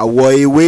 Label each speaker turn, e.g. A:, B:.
A: àwọ̀ ewé